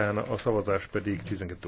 utána a szavazás pedig 12